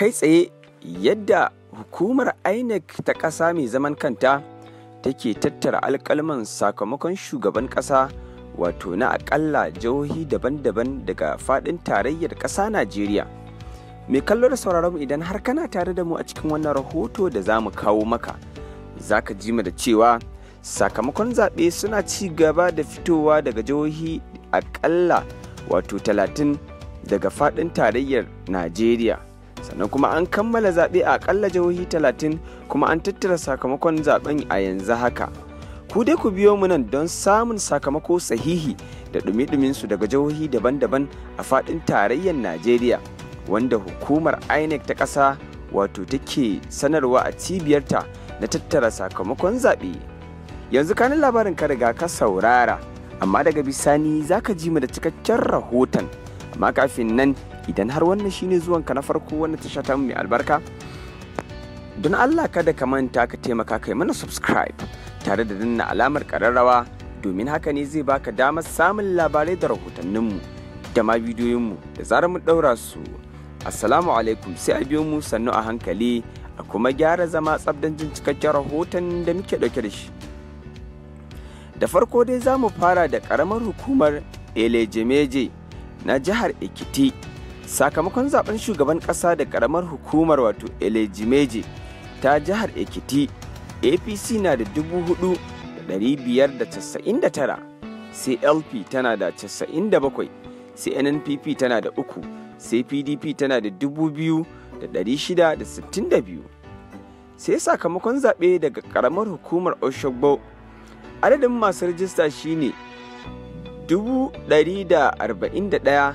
kai tsaye yadda hukumar inec ta ƙasa mai zaman kanta take tattara alkalman sakamakon shugaban ƙasa wato na akalla jihohi daban-daban daga faɗin tarayyar ƙasa najeriya mai kallo da sauraron idan har kana tare da mu a cikin wannan rahoto da za mu kawo maka za ka ji mu da cewa sakamakon zaɓe suna ci gaba da fitowa daga jihohi akalla wato talatin daga faɗin tarayyar najeriya sannan kuma an kammala zaɓe a ƙalla jihohi talatin kuma an tattara sakamakon zaɓen a yanzu haka ku dai ku biyo mu nan don samun sakamako sahihi da ɗumi su daga jihohi daban-daban a faɗin tarayyar najeriya wanda hukumar inec ta ƙasa wato take sanarwa a cibiyarta na tattara sakamakon zaɓe yanzu kanin labarin ka riga ka saurara amma daga bisani za ka ji mu da cikakken rahoton amma kafin nan idan har wannan shine zuwanka na farko wannan tasha ta mai albarka don Allah kada ka manta ka taimaka kai mana subscribe tare da danna alamar kararrawa domin haka ne zai baka damar samun labarai da rahotanninmu da ma bidiyoyinmu da zarar mu ɗaura su assalamu alaikum sai a biyo mu sannu a hankali a kuma gyara zama tsabdan jin cikakken rahoton da muke ɗauke da shi da farko dai za mu fara da ƙaramar hukumar elejemeje na jihar ekiti sakamakon zaben shugaban kasa da karamar hukumar wato elejimeje ta jihar ekiti apc na da 4,599 sai lp tana da 97 sai nnpp tana da 3 sai pdp tana da 2,662 sai sakamakon zaɓe daga ƙaramar hukumar oshogbo adadin masu rajista shine 141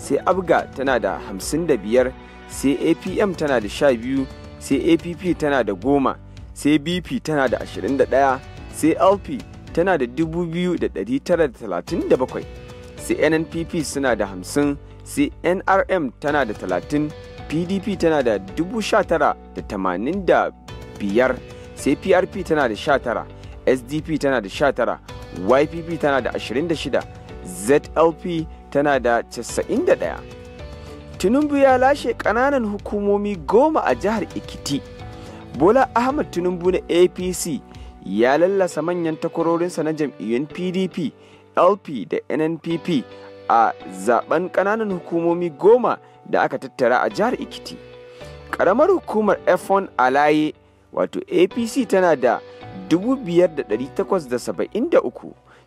sai abga tana da 55 sai apm tana da 12 sai app tana da goma sai bp tana da 21 sai lp tana da 2,937 sai nnpp suna da 50 sai nrm tana da 30 pdp tana da da biyar sai prp tana da 19 sdp tana da 19 ypp tana da shida zlp tana da 91 tinubu ya lashe kananan hukumomi goma a jihar ikiti bola ahmad tinubu na apc ya lallasa manyan takwarorinsa na jam'iyyun pdp lp da nnpp a zaben kananan hukumomi goma da aka tattara a jihar ikiti Karamar hukumar f1 alaye wato apc tana da 5873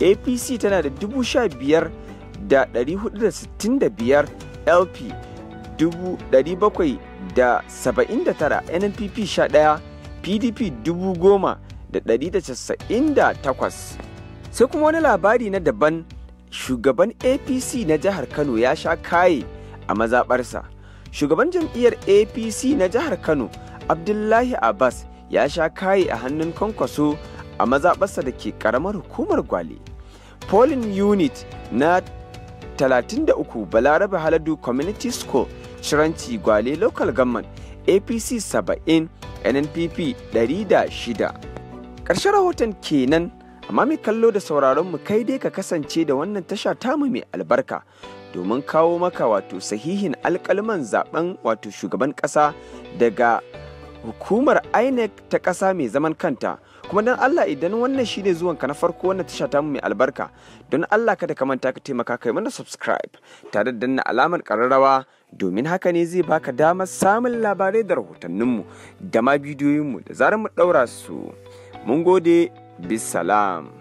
apc tana da 15,465 lp 779 nnpp 11 pdp 10,198 sai kuma wani labari na daban shugaban apc na jihar kano ya sha kaye a mazabarsa shugaban jam'iyyar apc na jihar kano abdullahi abbas ya sha kaye a hannun kwankwaso a mazaɓarsa da ke ƙaramar hukumar gwale polling unit na 33 balarabe haladu community school shiranci gwale local government apc 70 nnpp 106 ƙarshen rahoton kenan amma mai kallo da sauraron mu kai dai ka kasance da wannan tasha tamu mai albarka domin kawo maka wato sahihin alkalman zaben wato shugaban ƙasa daga hukumar inec ta ƙasa mai zaman kanta kuma don Allah idan wannan shine zuwan ka na farko wannan tasha ta mu mai albarka don Allah kada ka manta ka taimaka kai mana subscribe tare da danna alamar kararrawa domin haka ne zai baka damar samun labarai da rahotannin mu da ma mu da zarar mu daura su mun gode bisalam